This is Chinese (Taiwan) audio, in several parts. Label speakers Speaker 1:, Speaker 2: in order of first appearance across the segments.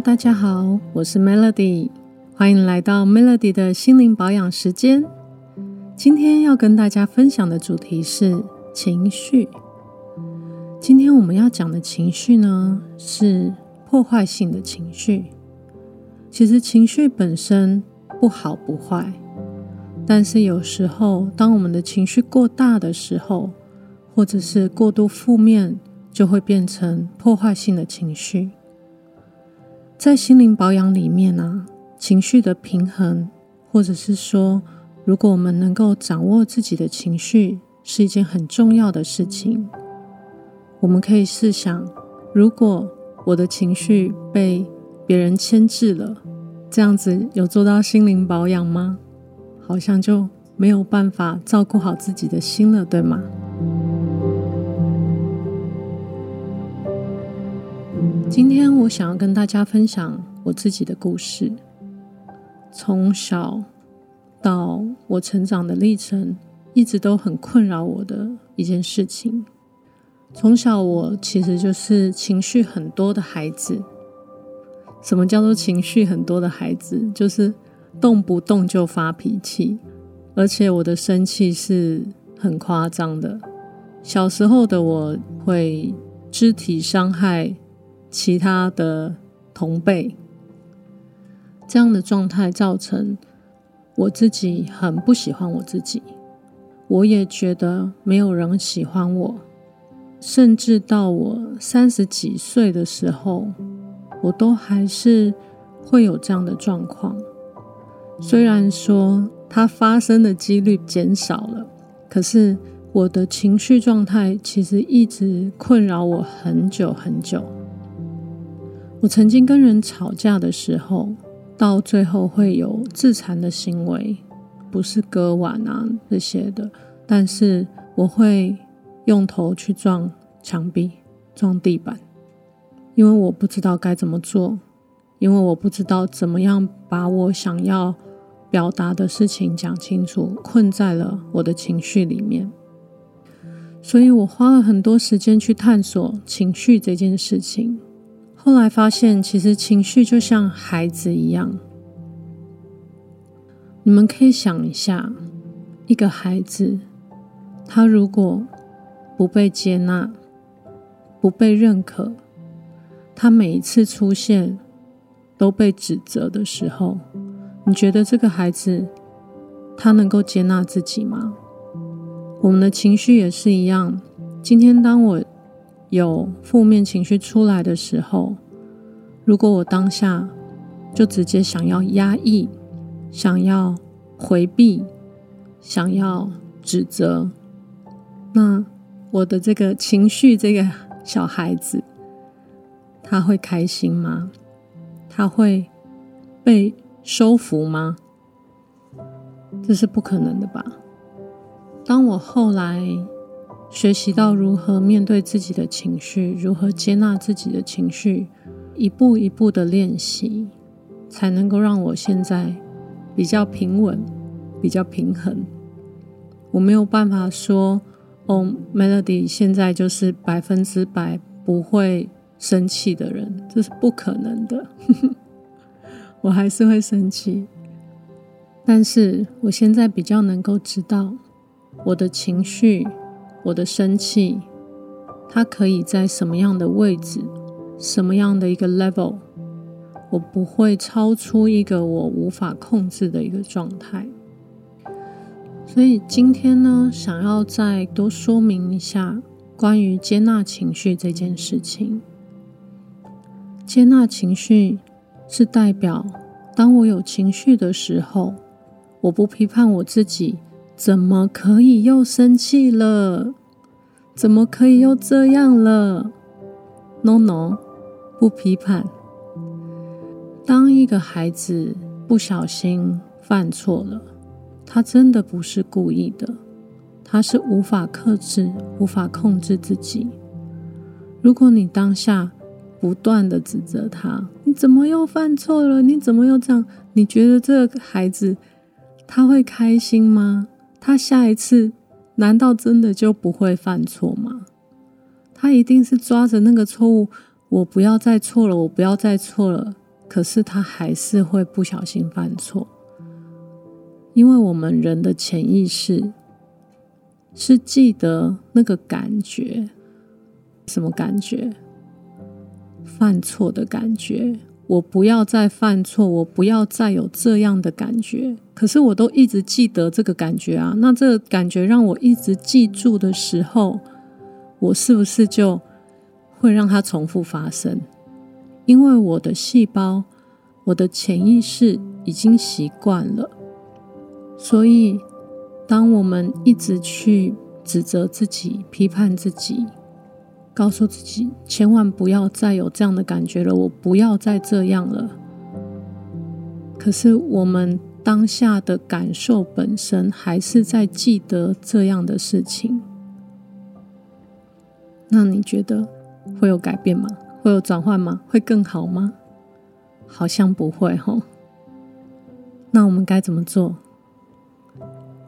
Speaker 1: 大家好，我是 Melody，歡迎來到 Melody 的心靈保養時間。今天要跟大家分享的主題是情緒。今天我們要講的情緒呢，是破壞性的情緒。其實情緒本身不好不壞，但是有時候當我們的情緒過大的時候，或者是過度負面，就會變成破壞性的情緒。在心靈保養裡面呢，情緒的平衡，或者是說，如果我們能夠掌握自己的情緒，是一件很重要的事情。我們可以試想，如果我的情緒被別人牽制了，這樣子有做到心靈保養嗎？好像就沒有辦法照顧好自己的心了，對嗎？今天我想要跟大家分享我自己的故事，從小到我成長的歷程，一直都很困擾我的一件事情。從小我其實就是情緒很多的孩子。什麼叫做情緒很多的孩子？就是動不動就發脾氣，而且我的生氣是很誇張的。小時候的我會肢體傷害。其他的同輩，這樣的狀態造成我自己很不喜歡我自己，我也覺得沒有人喜歡我。甚至到我三十幾歲的時候，我都還是會有這樣的狀況。雖然說它發生的幾率減少了，可是我的情緒狀態其實一直困擾我很久很久。我曾經跟人吵架的時候，到最後會有自殘的行為，不是割腕啊這些的，但是我會用頭去撞牆壁、撞地板，因為我不知道該怎麼做，因為我不知道怎麼樣把我想要表達的事情講清楚，困在了我的情緒裡面，所以我花了很多時間去探索情緒這件事情。後來發現，其實情緒就像孩子一樣。你們可以想一下，一個孩子，他如果不被接納、不被認可，他每一次出現都被指責的時候，你覺得這個孩子他能夠接納自己嗎？我們的情緒也是一樣。今天當我有負面情緒出來的時候，如果我當下就直接想要壓抑、想要回避、想要指責，那我的這個情緒，這個小孩子，他會開心嗎？他會被收服嗎？這是不可能的吧？當我後來。學習到如何面對自己的情緒，如何接納自己的情緒，一步一步的練習，才能夠讓我現在比較平穩、比較平衡。我沒有辦法說，哦，Melody 現在就是百分之百不會生氣的人，這是不可能的。 我還是會生氣，但是我現在比較能夠知道我的情緒。我的生氣，它可以在什麼樣的位置，什麼樣的一個 level，我不會超出一個我無法控制的一個狀態。所以今天呢，想要再多說明一下關於接納情緒這件事情。接納情緒是代表，當我有情緒的時候，我不批判我自己。怎麼可以又生氣了？怎麼可以又這樣了？No, no, 不批判。當一個孩子不小心犯錯了，他真的不是故意的，他是無法克制、無法控制自己。如果你當下不斷地指責他，你怎麼又犯錯了？你怎麼又這樣？你覺得這個孩子他會開心嗎？他下一次難道真的就不會犯錯嗎？他一定是抓着那個錯誤，我不要再錯了，我不要再錯了。可是他還是會不小心犯錯，因為我們人的潛意識是記得那個感覺，什麼感覺？犯錯的感覺。我不要再犯錯，我不要再有這樣的感覺。可是我都一直記得這個感覺啊，那這個感覺讓我一直記住的時候，我是不是就會讓它重複發生？因為我的細胞、我的潛意識已經習慣了，所以當我們一直去指責自己、批判自己。告訴自己，千萬不要再有這樣的感覺了。我不要再這樣了。可是我們當下的感受本身還是在記得這樣的事情。那你覺得會有改變嗎？會有轉換嗎？會更好嗎？好像不會吼、哦。那我們該怎麼做？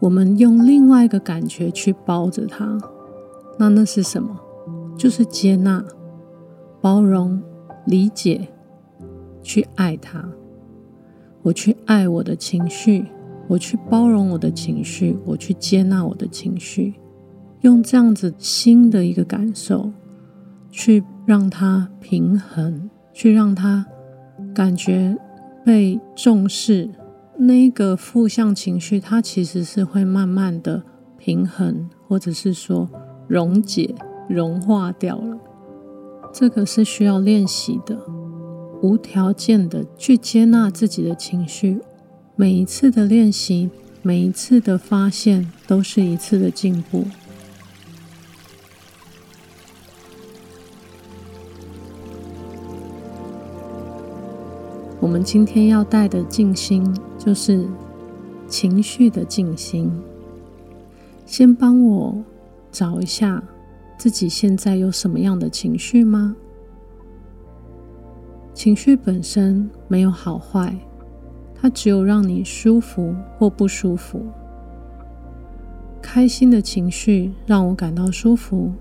Speaker 1: 我們用另外一個感覺去包着它。那那是什麼？就是接納、包容、理解，去愛他。我去愛我的情緒，我去包容我的情緒，我去接納我的情緒，用這樣子新的一個感受去讓他平衡，去讓他感覺被重視。那一個負向情緒，它其實是會慢慢的平衡，或者是說溶解。融化掉了，這個是需要練習的，無條件的去接納自己的情緒。每一次的練習，每一次的發現，都是一次的進步。我們今天要帶的靜心，就是情緒的靜心。先幫我找一下，自己現在有什麼樣的情緒嗎？情緒本身沒有好壞，它只有讓你舒服或不舒服。開心的情緒讓我感到舒服，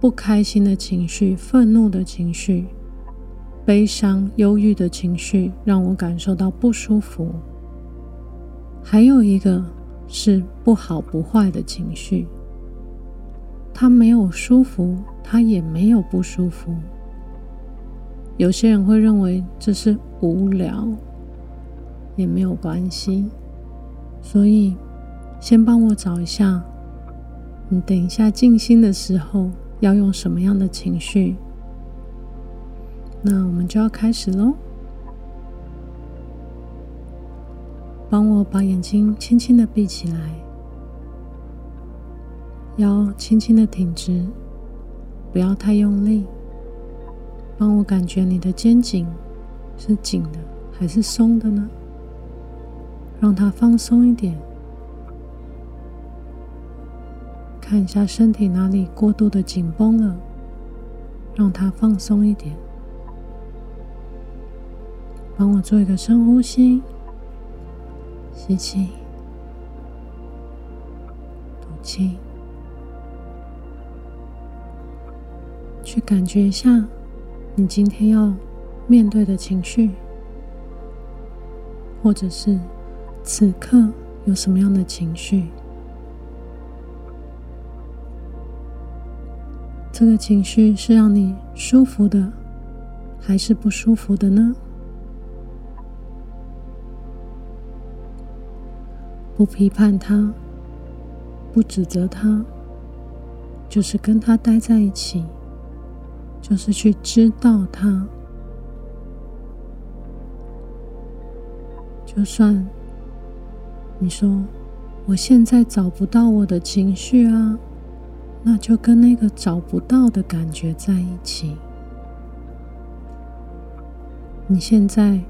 Speaker 1: 不開心的情緒、憤怒的情緒、悲傷、憂鬱的情緒讓我感受到不舒服。還有一個是不好不壞的情緒。他沒有舒服，他也沒有不舒服。有些人會認為這是無聊，也沒有關係。所以，先幫我找一下，你等一下靜心的時候要用什麼樣的情緒。那我們就要開始嘍。幫我把眼睛輕輕的閉起來。腰輕輕的挺直，不要太用力。幫我感覺你的肩頸是緊的還是鬆的呢？讓它放鬆一點。看一下身體哪裡過度的緊繃了，讓它放鬆一點。幫我做一個深呼吸，吸氣，吐氣。去感覺一下，你今天要面對的情緒，或者是此刻有什麼樣的情緒？這個情緒是讓你舒服的，還是不舒服的呢？不批判他，不指責他，就是跟他待在一起。就是去知道它。就算你說我現在找不到我的情緒啊，那就跟那個找不到的感覺在一起。你現在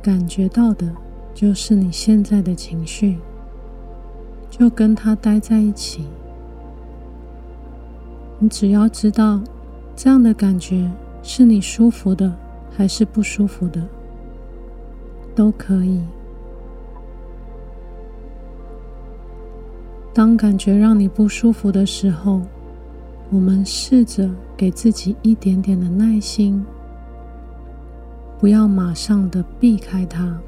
Speaker 1: 感覺到的就是你現在的情緒，就跟他待在一起。你只要知道，這樣的感覺是你舒服的還是不舒服的，都可以。當感覺讓你不舒服的時候，我們試着給自己一點點的耐心，不要馬上的避開它，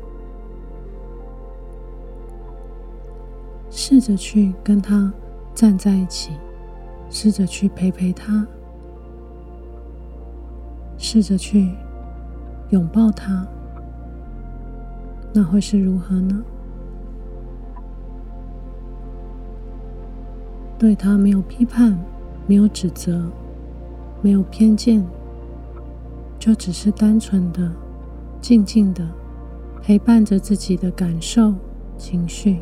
Speaker 1: 試着去跟它站在一起。試着去陪陪他，試着去擁抱他，那會是如何呢？對他沒有批判，沒有指責，沒有偏見，就只是單純的、靜靜的陪伴着自己的感受、情緒。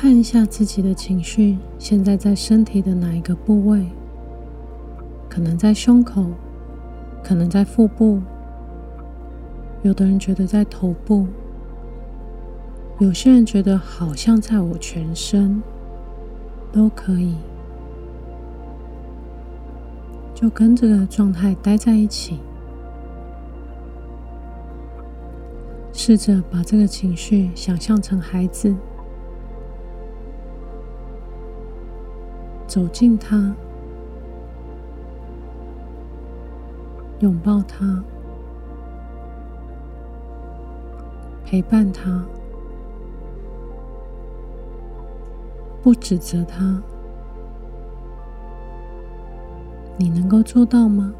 Speaker 1: 看一下自己的情緒，現在在身體的哪一個部位？可能在胸口，可能在腹部，有的人覺得在頭部，有些人覺得好像在我全身，都可以，就跟這個狀態待在一起，試着把這個情緒想象成孩子。走近他，擁抱他，陪伴他，不指責他。你能夠做到嗎？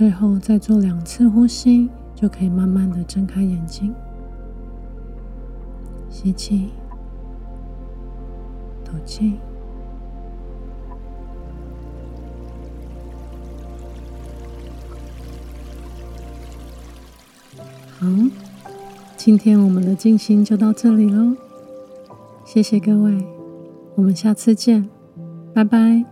Speaker 1: 最後再做兩次呼吸，就可以慢慢的睜開眼睛。吸氣，吐氣。好，今天我們的靜心就到這裡嘍。謝謝各位，我們下次見，拜拜。